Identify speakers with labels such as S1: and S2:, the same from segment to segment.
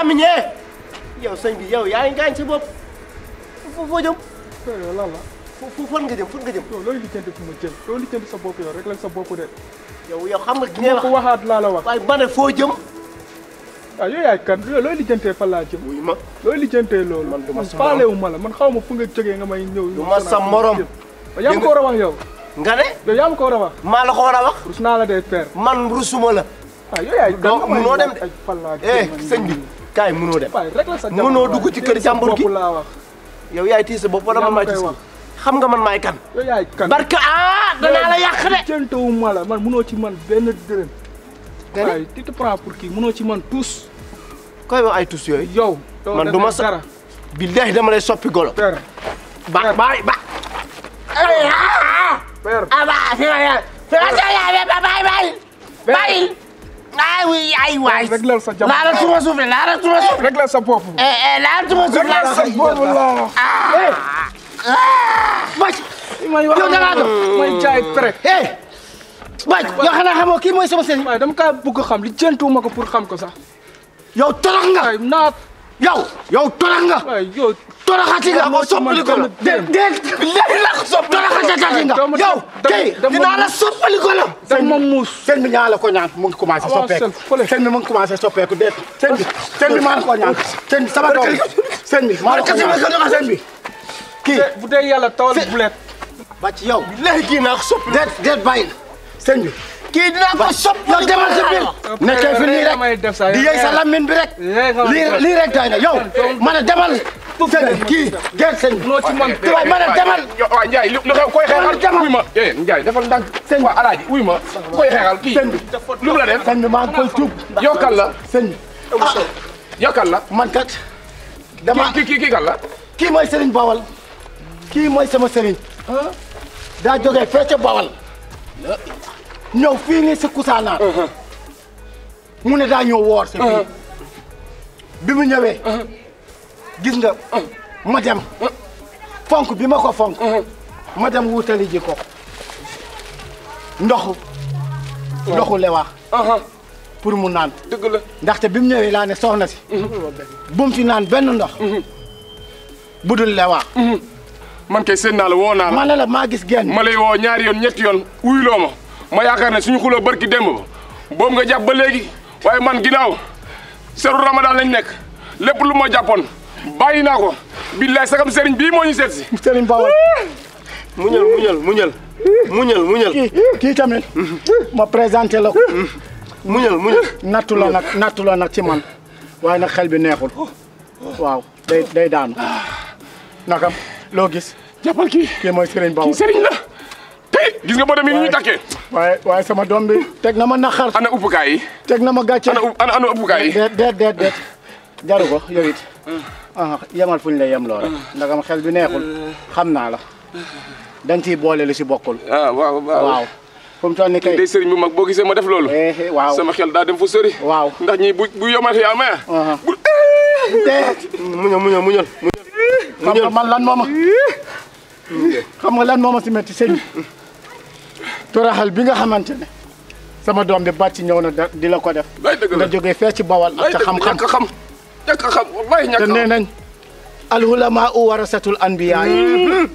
S1: làmmiñee yow sëñ bi yow yaa ngi gaañ sa bopp foo foo jëm. loolu lan la. fo fan nga jëm fan nga jëm. yow loolu lijjanti fu ma jëm loolu lijjanti sa bopp yow rek la sa bopp de. yow yow xam nga ki ngay wax ko waxaat laa la wax. waaye ma ne foo jëm. waaw ah, yow yaay kan looy lijjantee fan laa jëm. ma looy lijjantee loolu. man ma sa faale wu ma la man xaw ma fu nga nga may ñëw. du ma sa morom. yaa ma ko war a wax yow. nga ne. yow ko war a wax. maa la ko war a wax. rus naa la de père. man rusuma la. ah yow yaay kan noo dem de. Eh, sëñ bi kaay mënoo dem mënoo dugg ci kër jàmbur gi yow yaay tiis sa bopp wala man maa tiis xam nga man maay kan. barka ah danaa la yàq de. jëntawu ma la man mënoo ci man benn dërëm. nga ne tu te prends pour ci man tous. koy wax ay tous yooyu. yow man du ma sa billahi dama lay soppi golo. père ba ba ba. Ah, ah, ah. père ah ba fi ma yor. fi ma yor ba bay ay oui ay waay. réglal sa jamono laala tuma suuf laala tuma suuf. réglal sa bopp. Eh, eh, laala tuma suuf laala. réglal sa bopp laala. Ah. Eh. Ah. bàcc. yow da ngaa doon. mooy jaay pere. bàcc yoo xam ne xamoo kii mooy sama sëriñ. waaye dama kaa bëgg xam li jëntuwuma ko pour xam ko sax. yow torox nga. naat. yow yow torox nga. yow toroxati nga ma soppaliko la. déet déet léegi la toroxati nga. yow tey dinaa la soppaliko la. la ko ñaan mu ngi commencé soppeeku. sëñ bi mu ngi commencé soppeeku déet. sëñ bi sëñ bi maa la ko ñaan. sëñ bi sama maa la ko ñaan sëñ bi. kii bu dee yàlla tawal bulet. ba ci yow léegi kii naa ko soppaliko. déet déet bàyyi sëñ bi. kii dinaa damay def sa di yëy li lamine na yow ma ne demal. kii gerte sëñ bi. noo ci man tubaab ma ne demal. waaw Ndiaye lu xew koy xeexal wuy ma. Eh, Ndiaye defal ndànk. sëñ bi waaw alaaji wuy ma koy xeexal kii. sëñ la def. sëñ bi maa ngi koy tuub. yokkal la sëñ ah, man kat. dama kii kii kii kan kii mooy Serigne Bawal. sama Serigne. daa jógee fee ca Bawal. fii nii si Kousanaar. Uh-huh. mu ne daa ñëw woor si uh-huh. fii bi mu ñëwee uh-huh. gis nga uh-huh. ma dem fonk bi ma ko fonk ma dem wutali ji ko ndoxu ndoxu lewa pour mu naan dëgg ndaxte bi mu ñëwee laa ne soxna si bu mu naan benn ndox budul lewa man kay seen naa la woo naa la ma ne la gis genn ma lay woo ñaari yoon ñetti yoon wuyuloo ma ma yaakaar ne suñu xuloo barki démb ba nga jàpp ba léegi waaye man ginnaaw seeru ramadan lañ nekk lépp lu ma jàppoon bàyyi naa ko billaay sagam sëriñ bi moo ñu seet si. sëriñ Bawal. muñal muñal mu muñal muñal. kii kii tamit. ma présenté la ko. muñal muñal. nattu la nag nag ci man waaye nag xel bi neexul waaw day day daanu. nakam loo gis. jàppal kii kii mooy sëriñ Bawal kii la. gis nga bërëm yi ñu takkee. waaye waaye sama doom bi. teg na ma naxar. ana uppukaay yi. teg na ma gàcce ana ana uppukaay yi. déet déet déet déet jaru ko yow it. Hmm. ah yemal fu ñu yem loola. Hmm. ndagam xel bi neexul. Hmm. xam naa la. dañ ciy boole lu si bokkul. ah waaw waaw. comme toll nii mag boo gisee ma def loolu. Eh, eh, sama xel daa dem fu sori. waaw ndax ñi bu bu yomaat yaa ma mu bu mu muñal muñal. xam nga man lan moo ma. Eh. xam nga lan moo ma si métti sëñ toraxal bi nga xamante ne sama doom bi bàcc ñëw na di la ko def. nga jógee fee ci bawal ak ca xam-xam xam ñàkk xam wallaay ñàkk te nee nañ. alxulamaa u warasatul anbiyaa yi mm-hmm.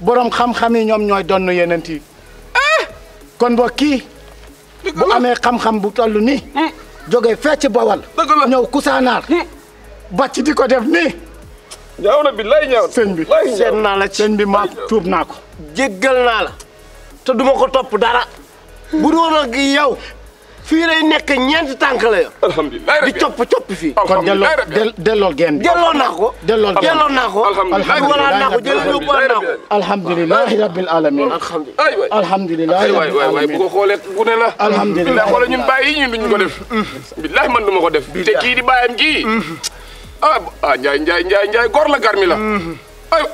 S1: borom xam-xam yi ñoom ñooy donn yenent yi eh! kon boo kii. bu amee xam-xam bu toll nii. Mm. jógee fee ci bawal. ñëw kusaanaar. Mm. bàcc di ko def nii. ñaaw bi lay ñaaw sëñ bi seen naa la sëñ bi maa tuub naa ko. jéggal naa la. te duma ko topp dara. bu doon ak yow fii lay nekk ñeenti tànk la yor. alhamdulilah di copp copp fii. kon delloo delloo genn. delloo naa ko. delloo genn delloo naa ko. alhamdulilah alhamdulilah rabbil alamin alhamdulilah waay waay bu ko xoolee bu ne la. alhamdulilah xoola ñun bàyyi ñun duñ ko def. billahi man duma ko def. te kii di bàyyam kii. ah ah Ndiaye Ndiaye Ndiaye la garmi la. Mm-hmm. ay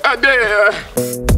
S1: ah